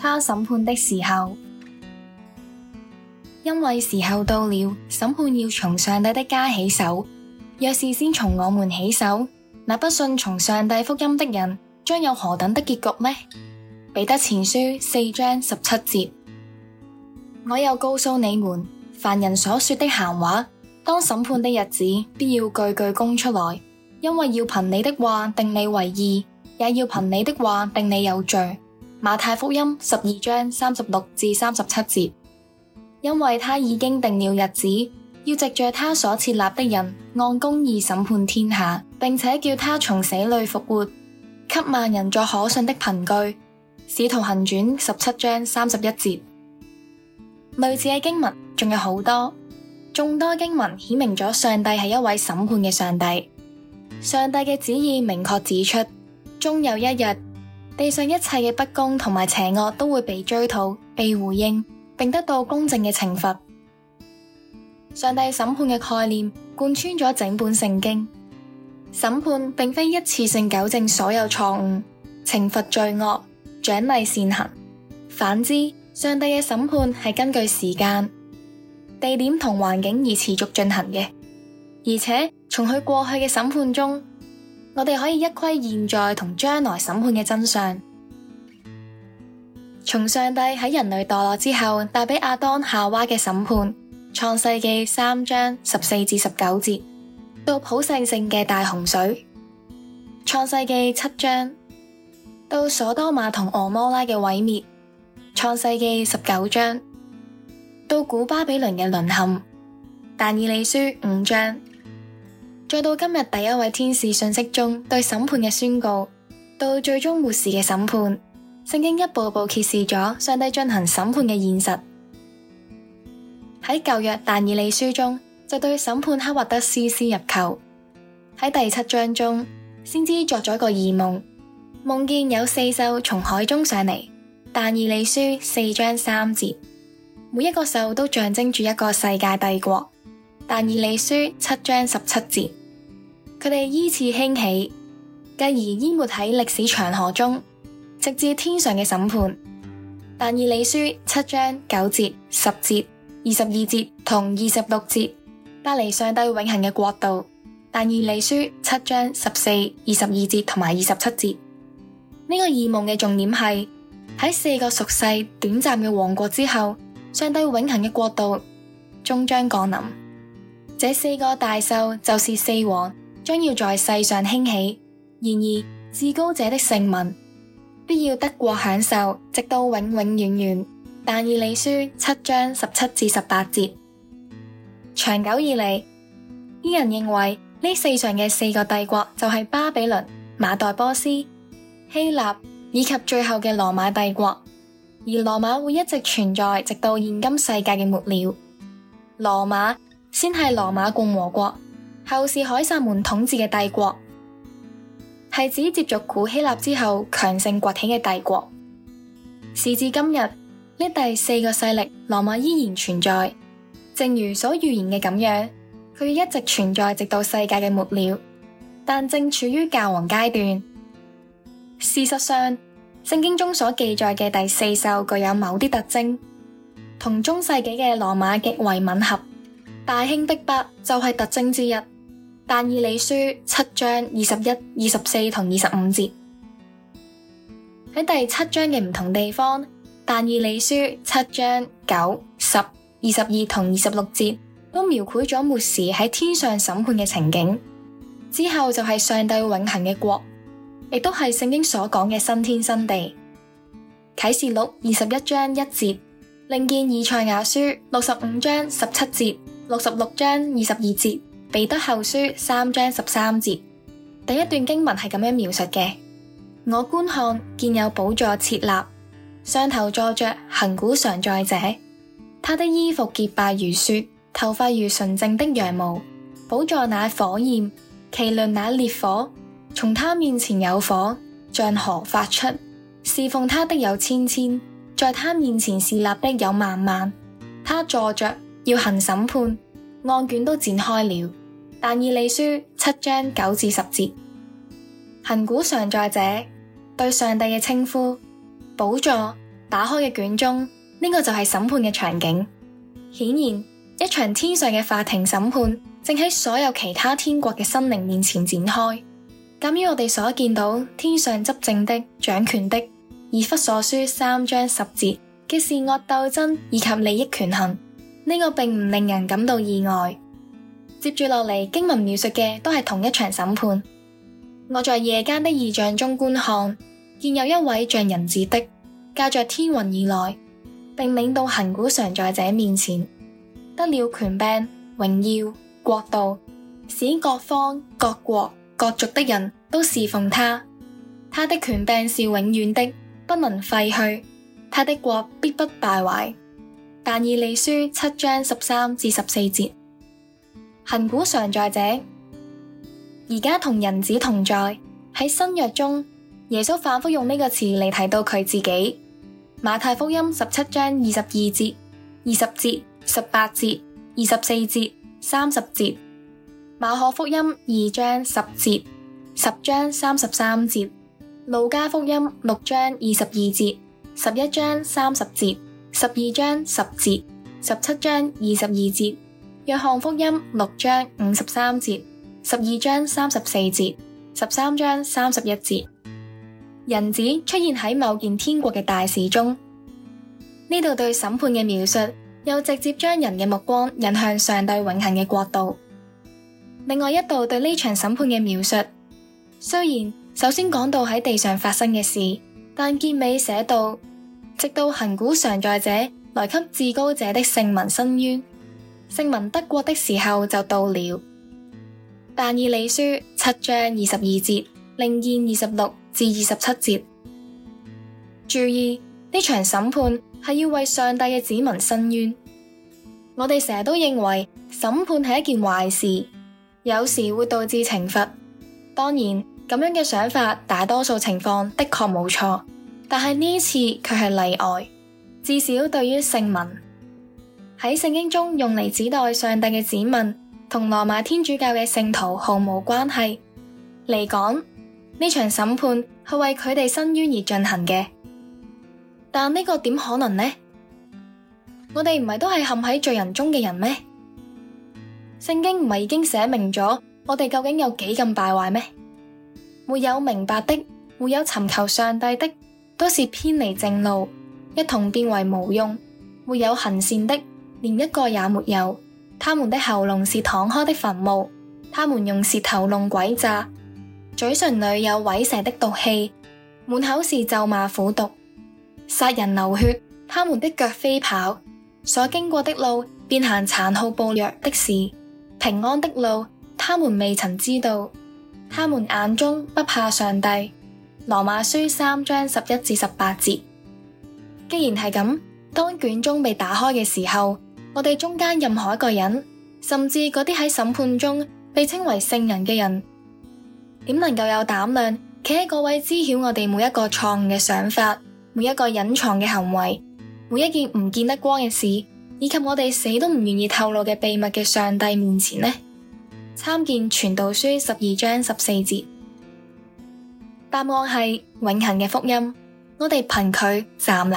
祂審判的時候，因為時候到了，審判要從上帝的家起手。若是先從我們起手，那不信從上帝福音的人，將有何等的結局咩？彼得前書四章十七節。我又告訴你們，凡人所說的閒話，當審判的日子，必要句句供出來，因為要憑你的話定你為義，也要憑你的話定你有罪。馬太福音十二章三十六至三十七節。因為他已經定了日子，要藉着他所設立的人，按公義審判天下，並且叫他從死裏復活，給萬人作可信的憑據。使徒行傳十七章三十一節。類似嘅經文仲有好多，眾多經文顯明咗上帝係一位審判嘅上帝。上帝嘅旨意明確指出，終有一日。地上一切嘅不公同埋邪惡都會被追討、被回應，並得到公正嘅懲罰。上帝審判嘅概念貫穿咗整本聖經。審判並非一次性糾正所有錯誤、懲罰罪惡、獎勵善行。反之，上帝嘅審判係根據時間、地點同環境而持續進行嘅。而且從佢過去嘅審判中，我哋可以一窺現在同將來審判嘅真相，從上帝喺人類墮落之後帶畀亞當夏娃嘅審判（創世紀三章十四至十九節）到普世性嘅大洪水（創世紀七章）到所多瑪同俄摩拉嘅毀滅（創世紀十九章）到古巴比倫嘅淪陷（但以理書五章）。再到今日第一位天使信息中對審判嘅宣告，到最終末時嘅審判，聖經一步步揭示咗上帝進行審判嘅現實。喺舊約但以理書中，就對審判刻畫得絲絲入扣。喺第七章中，先知作咗個異夢，夢見有四獸從海中上嚟。但以理書四章三節，每一個獸都象徵住一個世界帝國。但以理書七章十七節。佢哋依次興起，繼而淹沒喺歷史長河中，直至天上嘅審判。但以理書七章九節、十節、二十二節同二十六節，帶嚟上帝永恆嘅國度。但以理書七章十四、二十二節同埋二十七節，呢、這個異夢嘅重點係喺四個屬世短暫嘅王國之後，上帝永恆嘅國度終將降臨。這四個大獸就是四王。將要在世上興起。然而，至高者的聖民必要得國享受，直到永永遠遠。但以理書七章十七至十八節。長久以來，啲人認為呢世上嘅四個帝國就係巴比倫、馬代波斯、希臘以及最後嘅羅馬帝國，而羅馬會一直存在直到現今世界嘅末了。羅馬先係羅馬共和國。後是凱撒門統治嘅帝國，係指接續古希臘之後強盛崛起嘅帝國。時至今日，呢第四個勢力羅馬依然存在，正如所預言嘅咁樣，佢一直存在直到世界嘅末了，但正處於教皇階段。事實上，聖經中所記載嘅第四獸具有某啲特徵，同中世紀嘅羅馬極為吻合。大興逼迫就係特徵之一。但以理書七章二十一、二十四同二十五節，喺第七章嘅唔同地方，但以理書七章九、十、二十二同二十六節都描繪咗末時喺天上審判嘅情景。之後就係上帝永恒嘅國，亦都係聖經所講嘅新天新地。啟示錄二十一章一節，另見以賽亞書六十五章十七節、六十六章二十,二十二節。彼得後書三章十三節，第一段經文係咁樣描述嘅：我觀看見有寶座設立，上頭坐着亘古常在者，他的衣服潔白如雪，頭髮如純淨的羊毛。寶座乃火焰，其輪乃烈火，從他面前有火像河發出。侍奉他的有千千，在他面前事立的有萬萬。他坐着要行審判，案卷都展開了。但以理書七章九至十節，亙古常在者對上帝嘅稱呼，寶座打開嘅卷宗，呢、這個就係審判嘅場景。顯然，一場天上嘅法庭審判正喺所有其他天國嘅生靈面前展開。鑒於我哋所見到天上執政的掌權的以弗所書三章十節嘅善惡鬥爭以及利益權衡，呢、這個並唔令人感到意外。接住落嚟經文描述嘅都係同一場審判。我在夜間的異象中觀看，見有一位像人子的駕著天雲而來，並領到亙古常在者面前，得了權柄、榮耀、國度，使各方各國各族的人都侍奉他。他的權柄是永遠的，不能廢去；他的國必不敗壞。但以理書七章十三至十四節。恒古常在者，而家同人子同在。喺新約中，耶穌反覆用呢個詞嚟提到佢自己。馬太福音十七章二十二節、二十節、十八節、二十四節、三十節；馬可福音二章十節、十章三十三節；路加福音六章二十二節、十一章三十節、十二章十節、十七章二十二節。約翰福音六章五十三節、十二章三十四節、十三章三十一節，人子出現喺某件天國嘅大事中。呢度對審判嘅描述，又直接將人嘅目光引向上帝永恆嘅國度。另外一度對呢場審判嘅描述，雖然首先講到喺地上發生嘅事，但結尾寫到，直到亙古常在者來給至高者的聖民伸冤。聖民得國的時候就到了，但以理書七章二十二節，另見二十六至二十七節。注意呢場審判係要為上帝嘅子民申冤。我哋成日都認為審判係一件壞事，有時會導致懲罰。當然，咁樣嘅想法大多數情況的確冇錯，但係呢次卻係例外，至少對於聖民。喺聖經中用嚟指代上帝嘅指紋，同羅馬天主教嘅聖徒毫無關係。嚟講，呢場審判係為佢哋申冤而進行嘅，但呢個點可能呢？我哋唔係都係陷喺罪人中嘅人咩？聖經唔係已經寫明咗我哋究竟有幾咁敗壞咩？沒有明白的，沒有尋求上帝的，都是偏離正路，一同變為無用；沒有行善的。連一個也沒有，他們的喉嚨是敞開的墳墓，他們用舌頭弄詭詐，嘴唇裏有虺蛇的毒氣，滿口是咒罵苦毒，殺人流血，他們的腳飛跑，所經過的路，便行殘酷暴虐的事，平安的路，他們未曾知道，他們眼中不怕上帝。羅馬書三章十一至十八節，既然係咁，當卷宗被打開嘅時候。我哋中間任何一個人，甚至嗰啲喺審判中被稱為聖人嘅人，點能夠有膽量企喺各位知曉我哋每一個錯誤嘅想法、每一個隱藏嘅行為、每一件唔見得光嘅事，以及我哋死都唔願意透露嘅秘密嘅上帝面前呢？參見《傳道書》十二章十四節。答案係永恆嘅福音，我哋憑佢站立。